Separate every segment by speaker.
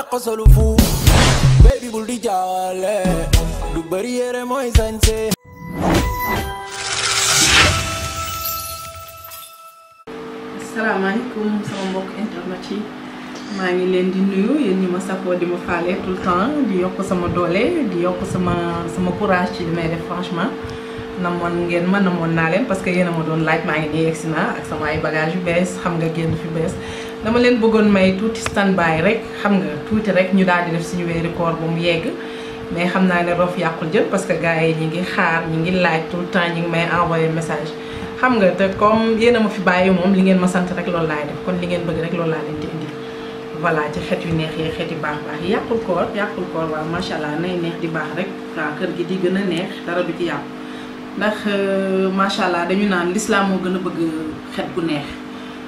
Speaker 1: takko solu fu baby bul di jaale du bari yere mooy sañse asalaamaaleykum sama mbokk internet yi maa ngi leen di nuyu yéen ñi ma sapoo di ma faale tout le temps di yokk sama doole di yokk sama sama courage ci li def franchement namoon ngeen ma namoon naa leen parce que yéen ma doon laaj maa ngi nii yegsi ak sama ay bagage yu xam nga génn fi bees dama len bëggon may tuuti standby rek xam nga tuuti rek ñu daal di def suñu weeri koor ba mu yegg mais xam naa ne rof yaqul jël parce que gaay yi ñi ngi xaar ñi ngi laaj tout temps ñi ngi may envoyer message xam nga te comme yéen ma fi bayyi mom li ngeen ma sant rek lool laay def kon li ngeen bëgg rek lool laa leen di indi voilà ci xet yu neex ye xet yu baax baax yaqul yàqul koor yàqul koor ma sha allah nay neex di baax rek waaw kër gi di gëna neex dara du ci yaq ndax euh, sha allah dañu naan l'islam mo gëna bëgg xet gu neex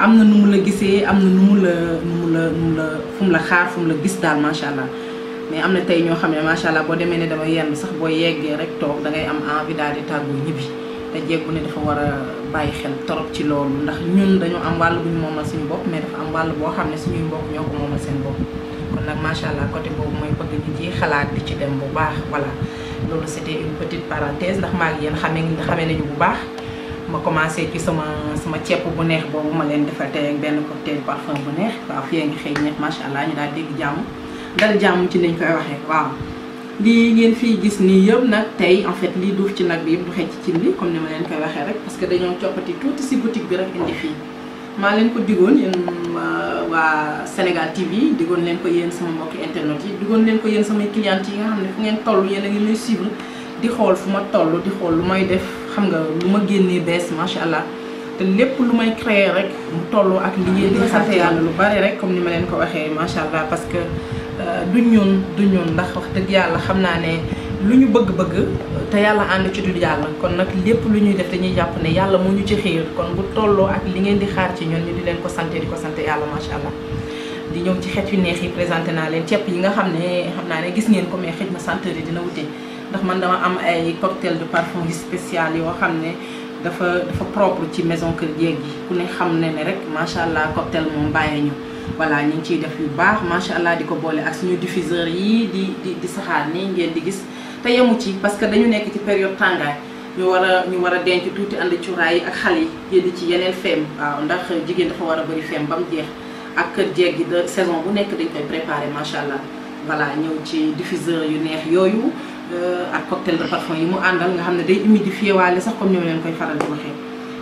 Speaker 1: am na nu mu la gisee am na nu mu la nu mu la nu la xaar fu la gis daal macha allah mais am na tey ñoo xam ne macha allah boo demee ne dama yenn sax boo yeggee rek toog da ngay am envie daal di tàggoo ñibbi te jeeg ne dafa war a bàyyi xel trop ci loolu ndax ñun dañoo am wàll bu moom moomal suñu bopp mais dafa am wàll boo xam ne suñuy mbokk ñoo ko moomal seen bopp nag macha allah côté boobu mooy bëgg ñu ciy xalaat di ci dem bu baax voilà loolu c'était une petite parenthèse ndax maa ngi yéen xamee xamee nañu bu baax ma commencé ci sama sama ciep bu neex bobu ma len defal tay ak ben cocktail parfum bu neex waaw fii ngi xëy neex macha allah ñu daal dégg jamm dal jamm ci niñ koy waxe wa li ngeen fi gis ni yeb nak tay en fait li duuf ci nak bi yëpp du xëy ci ci li comme ni ma len koy waxe rek parce que dañu ciopati tout ci boutique bi rek indi fi ma len ko digon yeen euh, wa Sénégal TV digon len ko yeen sama mbokk internet yi digon len ko yeen sama client yi nga xamne fu ngeen tollu yeen a ngi lay suivre di xol fuma tollu di xol lu may def xam nga luma ma génnee bees macha allah te lépp lumay créé rek mu tollu ak li ngeen di sant yalla lu bari rek comme ni ma len ko waxee macha allah parce que euh, du ñun du ñun ndax wax dëgg yalla xam naa ne lu bëgg-bëgg té yalla and ci du yalla kon nak lépp luñuy def dañuy japp né yalla mo ñu ci xéer kon bu tollu ak li ngeen di xaar ci ñun ñu di len ko santé di ko sante yàlla macha allah di ñew ci xet yu neex yi présenté na len ceeb yi nga xamné xamna né gis ngeen ko mais xëj ma santeur yi dina wute ndax man dama am ay cocktail de parfum yu spécial yoo xam ne dafa dafa propre ci maison Kër Dieng gi ku ne xam ne ne rek macha allah cocktail moom bàyyi ñu. voilà ñu ngi ciy def yu baax macha allah di ko boole ak suñu diffuseur yi di di di saxaar nii ngeen di gis te yemu ci parce que dañu nekk ci période tàngaay ñu war a ñu war a denc tuuti ànd cuuraay ak xale yi génn ci yeneen feem waaw ndax jigéen dafa war a bëri feem ba mu jeex ak Kër gi de saison bu nekk dañ koy préparé macha allah voilà ñëw ci diffuseur yu neex yooyu ak cocktail de parfum yi mu andal nga xam day humidifié walé sax comme ni leen koy faral di waxé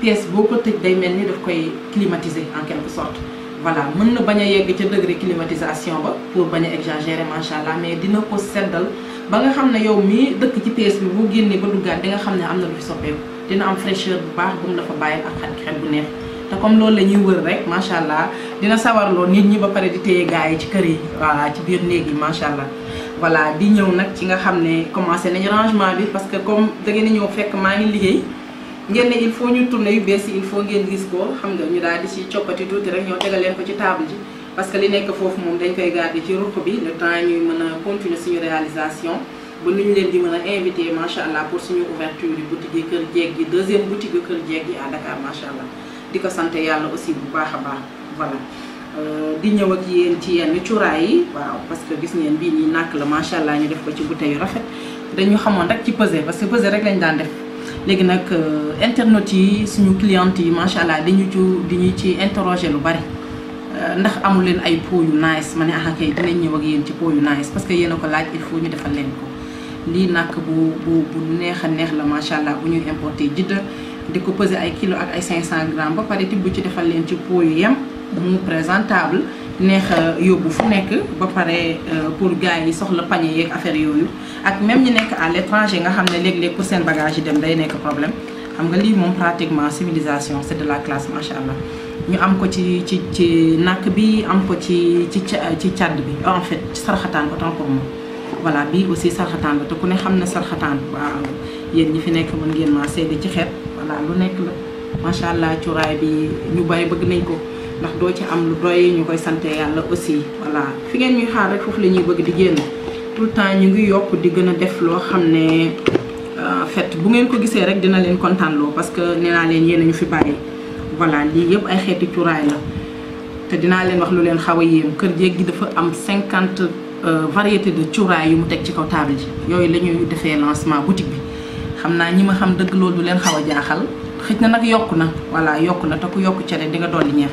Speaker 1: pièce boko ko day melni daf koy climatiser en quelque sorte voilà mën na bañ yegg ci degré climatisation ba pour baña exagérer machallah mais dina ko sédal ba nga xam yow mi dëkk ci pièce bi bu génné ba duggaat di nga xam amna lu fi soppeeku dina am fraîcheur bu baax bu mu dafa bàyyil ak xat xet bu neex te comme loolu la ñuy wër rek machallah dina sawarlo nit ñi ba paré di téye gaay ci kër yi voilà ci biir néeg yi macha voilà di ñëw nak ci nga xamné ne commencé nañu rangement bi parce que comme da ngeen a ñëw fekk maa ngi liggéey ngeen ne il faut ñu tourner yu bëss il faut ngeen gis ko xam nga ñu daal di ci ciopati tout rek ñoo tegal ko ci table ji parce que li nekk fofu moom dañ koy garder ci rukku bi le temps ñuy mëna continuer suñu réalisation ba nu leen di mëna a invité macha allah pour suñu ouverture du boutique yi kër jeeg gi deuxième boutique yi kër jeeg gi à Dakar macha allah di ko sant yàlla aussi bu baax a baax voilà Euh, di ñëw ak yéen ci yenn cuuraay yi waaw parce que gis ngeen bii nii nàkk la macha allah ñu def ko ci bouteille yu rafet dañu xamoon rek ci pesé parce que pesé rek lañ daan def léegi nag euh, internautes yi suñu clientes yi macha allah dañu ci dañu ci interroger lu bari euh, ndax amul leen ay pot yu nice ma ne ah kay dinañ ñëw ak yéen ci pot yu nice parce que yéen a ko laaj il faut ñu defal leen ko lii nàkk bu bu bu neex a neex la macha allah bu ñuy importé jidda di ko pesé ay kilo ak ay 500 grammes ba pare tibb ci defal leen ci pot yu yem. mu présentable neex euh, yobou fu nek ba paré euh, pour gars yi soxla panier yeeg affaire yoyu ak même ñi nek à l'étranger nga xamné ne léeg-léeg pour bagage yi dem day nek problème xam nga li mom pratiquement civilisation c'est de la classe machallah ñu am ko ci ci ci nàkk bi am ko ci ci ci bi en fait ci sarxatan autant pour moi voilà bi aussi sarxatan la te ku ne xam sarxatan sarxataan waaw yéen ñi fi nek mën ngeen ma seede ci xép voilà lu nek la machallah allah bi ñu bàyyi bëgg nañ ko. ndax doo ci am lu doy ñu koy sante yàlla aussi voilà fi ngeen ñuy xaar rek foofu la ñuy bëgg di génn tout le temps ñu ngi yokk di gën a def loo xam ne en euh, fait bu ngeen ko gisee rek dina leen kontaanloo parce que nee leen yéen ñu fi bàyyi voilà lii yëpp ay xeeti la te dinaa leen wax lu leen xaw a kër jéeg gi dafa am cinquante euh, variété de cuuraay yu mu teg ci kaw table ji yooyu la ñuy defee lancement boutique bi xam naa ñi ma xam dëgg loolu leen xaw a jaaxal xëj na nag yokk na voilà yokk na te ku yokk cere di nga dolli ñeex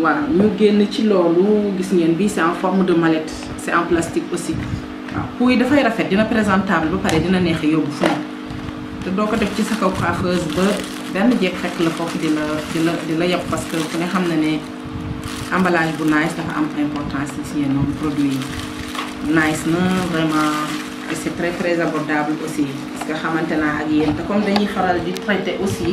Speaker 1: voilà ñu génn ci loolu gis ngeen bii c'est en forme de mallette c'est en plastique aussi waaw puy dafay rafet dina présentable ba pare dina neex yóbbu fu te doo ko def ci sa kaw coiffeuse ba benn jeeg fekk la foofu di la di la di la yab parce que ku ne xam na ne emballage bu nice dafa am importance ci yenn produit nice na vraiment c'est très très abordable aussi parce que xamante naa ak yéen te comme dañuy faral di traité aussi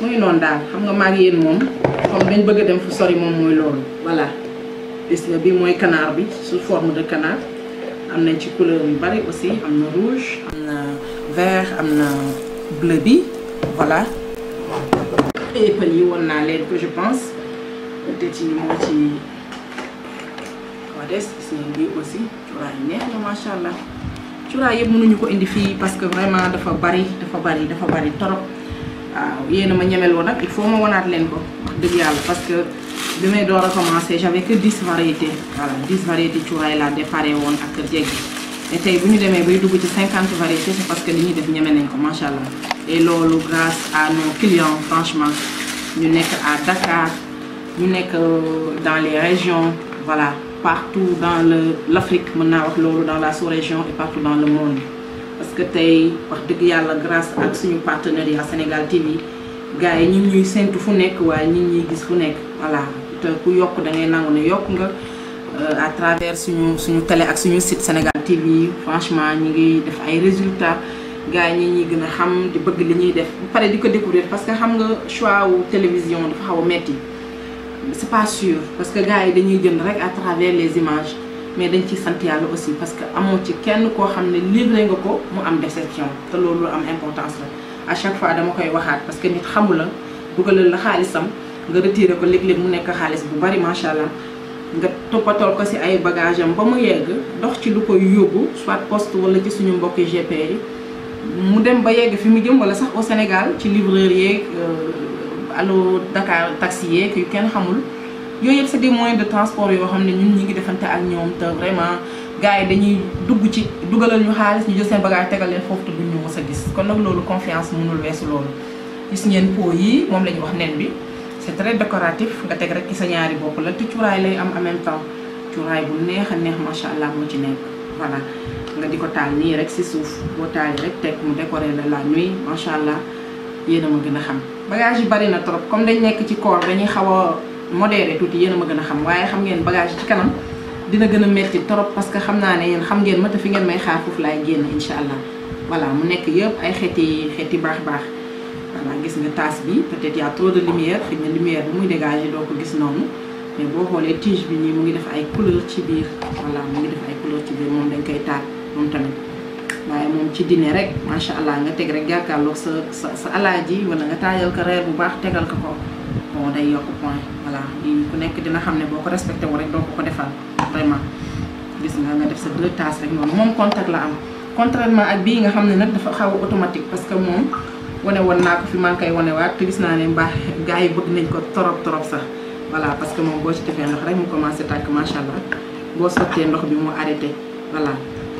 Speaker 1: moy ngi dal xam nga mag yéen mom comme dañ bëgg dem fu sori mom moy lool voilà gis nga bi moy canard bi sous forme de canard am nañ ci couleur yu bari aussi am na rouge am na vert am na bleu bi voilà éppal yi woon naa leen ko je pense peut-être mo ci koo des gis aussi tu ra neex na macha allah cuuraay yëpp mënuñu ko indi fi parce que vraiment dafa bari dafa bari dafa bari trop il faut ma je leen ko parce que demain may door j'avais que 10 variétés voilà 10 variétés cuuraay laa déparé woon ak jéggi Et tey bu ñu bay dugg ci 50 variétés parce que je suis def ñeme nañ ko et loolu grâce à nos clients franchement nous nekk à Dakar ñu que euh, dans les régions voilà partout dans l'Afrique dans la sous-région et partout dans le monde parce que tu wax grâce à grâce ak suñu partenariat Sénégal TV gaay ñi ñuy sentu fu nek ñi ñi gis fu voilà te ku da ngay euh, à travers télé Sénégal TV franchement nous ngi def résultats Nous ñi xam di bëgg li découvrir parce que xam nga choix télévision dafa xaw c'est pas sûr parce que nous dañuy à travers les images mais dañ ciy sant yàlla aussi parce que amoo ci kenn koo xam ne livré nga ko mu am déception te loolu am importance la à chaque fois dama koy waxaat parce que nit xamu la dugalal la xaalisam nga retiré ko léeg-léeg mu nekk xaalis bu bari macha allah nga toppatoo ko si ay bagage ba mu yegg dox ci lu koy yóbbu soit post wala ci suñu mbokki GP yi mu dem ba yegg fi mu jëm wala sax au Sénégal ci livreur yeeg euh, allo dakaar taxi yeeg yu kenn xamul. yoyep yëpp c'est des moyens de transport yo xam ñun ñu ngi defante ak ñoom te vraiment gaay dañuy dugg ci dugalal ñu xaalis ñu jël seen bagage tégal leen fofu te duñ ñu gis kon nak lolu confiance mënul weesu lolu gis ngeen po yi mom lañ wax nen bi c'est très décoratif nga teg rek ci sa ñaari bop la te cuuraay lay am en même temps cuuraay bu neex a neex macha allah moo ci nekk voilà nga diko tal ni nii rek si suuf boo taal rek tek mu décorer la la nuit macha allah yéen a ma gën xam bagage yi bari na trop comme dañ nekk ci corps dañuy xawa modéré tuuti yéen ma gën a xam waaye xam ngeen bagage ci kanam dina gën a metti trop parce que xam naa ne yéen xam ngeen mata fi ngeen may xaar foofu laay génn incha allah voilà mu nekk yëpp ay xeeti xeeti baax baax voilà gis nga tasse bi peut-être trop de lumière xëy na lumière bi muy dégagé doo ko gis noonu mais boo xoolee tige bi nii mu ngi def ay couleur ci biir voilà mu ngi def ay couleur ci biir moom dañ koy taal moom tamit waaye moom ci dîner rek macha allah nga teg rek jàkkaarloog sa sa sa alaaji wala taajal ko reer bu baax tegal ko ko bon day yokk point voilà lii ku nekk dina xam ne boo ko respecté wu rek doo ko ko defal vraiment gis nga nga def sa deux tasses rek noonu moom contact la am contrairement ak bii nga xam ne nag dafa xaw automatique parce que moom wane woon naa ko fi maa ngi koy wanewaat te gis naa ne mbaax gars yi bëgg nañ ko torop torop sax voilà parce que moom boo ci defee ndox rek mu commencé tàkk macha allah boo sottee ndox bi mu arrêté voilà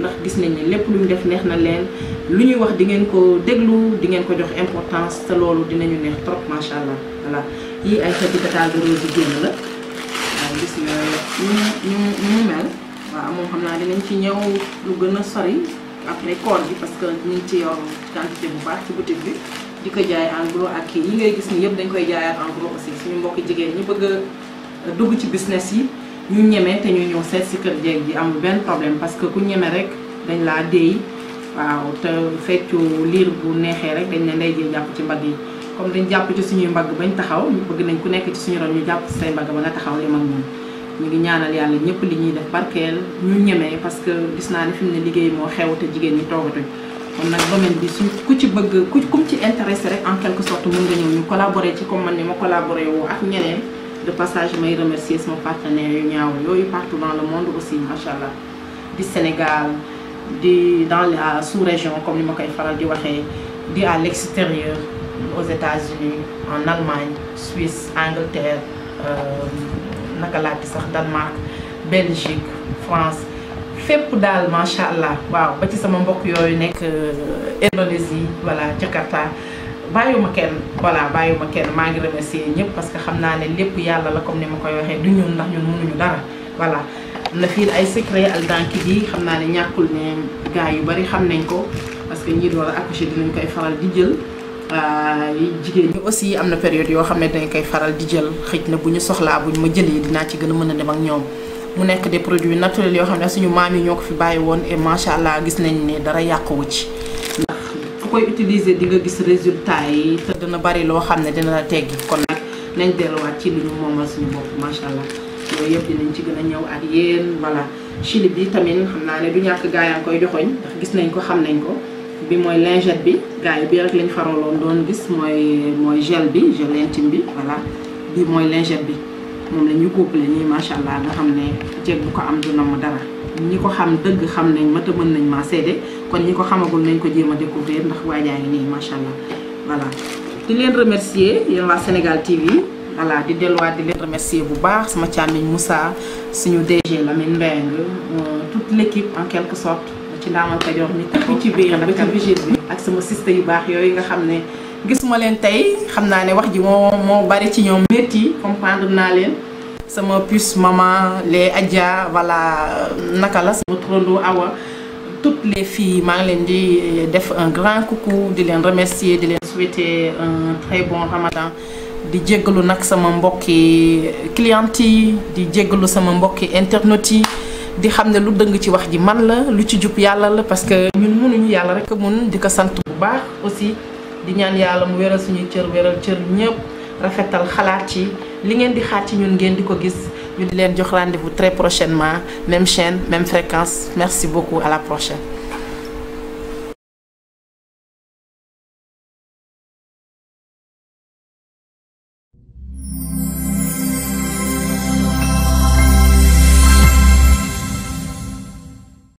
Speaker 1: ndax gis nañ ne lépp lu ñu def neex na leen lu ñuy wax dingeen ko déglu di ngeen ko jox importance te loolu dinañu neex trop macha allah voilà yii ay xeeti pétales de génn la waaw gis nga ñu ñu ñu mel waaw moom xam naa dinañ ci ñëw lu gën a sori après koor gi parce que ñu ngi ci yor quantité bu baax ci boutique bi di ko jaay en ak kii yi ngay gis nii yëpp dañ koy jaayaat en aussi suñu mbokki jigéen ñu bëgg a dugg ci business yi ñu ñeme te ñu ñëw seet si kër jeeg ji amul benn problème parce que ku ñeme rek dañ laa déy waaw te feccu liir bu neexee rek dañ ne ndey ji jàpp ci mbagg yi comme dañ jàpp ci suñuy mbagg bañ taxaw bëgg nañ ku nekk ci suñu ron ñu jàpp ci say mbagg ba nga taxaw li mag ñun ñu ngi ñaanal yàlla ñëpp li ñuy def barkeel ñu ñemee parce que gis naa ne fi mu ne liggéey moo xew te jigéen ñi toogatuñ kon nag domaine bi suñ ku ci bëgg ku kum ci intéressé rek en quelque sorte mën nga ñëw ñu collaborer ci comme man ni ma collaborer woo ak ñeneen de passage voudrais remercier son partenaire il y a partout dans le monde aussi Machallah, du Sénégal di dans la sous-région comme ni ma faral di à l'extérieur aux États-Unis en Allemagne Suisse Angleterre euh, laa Danemark Belgique France fépp daal macha allah waaw ba ci sama mbokk yooyu nekk euh, Indonésie voilà Jakarta bàyyiwuma kenn voilà bàyyiwuma kenn maa ngi remercier ñëpp parce que xam naa ne lépp yàlla la comme ni ma koy waxee du ñun ndax ñun mënuñu dara voilà am na fii ay secret aldankid yi xam naa ne ñàkkul ne gars yu bari xam nañ ko parce que ñii door a accouché koy faral di jël jigéen ñi aussi am na période yoo xam ne koy faral di jël xëj na bu ñu soxlaa bu ñu ma dinaa ci gën a mën a dem ak ñoom mu nekk de produit naturels yoo xam ne suñu maam yi ñoo ko fi bàyyi woon et macha allah gis nañ ne dara yàquwu ci koy utiliser di nga gis résultat yi te dina bari loo xam ne dina la teggi kon nag nañ delluwaat ci li ñu moomal suñu bopp macha allah yooyu yëpp dinañ ci gën a ñëw ak yéen voilà. chili bi tamit xam naa ne du ñàkk gaa yaa ngi koy joxoñ ndax gis nañ ko xam nañ ko bi mooy lingette bi gaa yi bii rek lañ faraloon doon gis mooy mooy gel bi gel intime bi voilà bi mooy lingette bi moom la ñu couplé nii macha allah nga xam ne jeeg bu ko am du namm dara. ñi ko xam deug xam nañ ma te mën nañ ma cédé kon ñi ko xamagul nañ ko jéem découvrir ndax waajaa ngi ni machallah voilà di len remercier yéen waa Sénégal TV voilà di delluwaat di len remercier bu baax sama càmmiñ Moussa suñu DG Lamine Mbengue euh, toute l'équipe en quelque sorte ci ndaamal Kajoor ñu tëpp ci biir nag ci vigile bi ak sama sista yu baax yooyu nga xam ne gisuma leen tey xam naa ne wax ji moo moo bari ci ñoom métti comprendre naa leen sama puce maman les Adja voilà Nakala, la sama Awa toutes les filles maa di def un grand coucou di les remercier di les souhaiter un très bon ramadan di jéggalu nag sama mbokki clientes di jéggalu sama mbokki internautes di xam lu deung ci wax di man la lu ci djup yalla la parce que ñun mënuñu yalla rek mun di ko sant bu baax aussi di ñaan yalla mu wéral suñu cër wéral cër ñepp rafetal xalaat ci li ngeen di xaar ci ñun ngeen di ko gis ñu di rendez-vous très prochainement même chaîne même fréquence merci beaucoup à la prochaine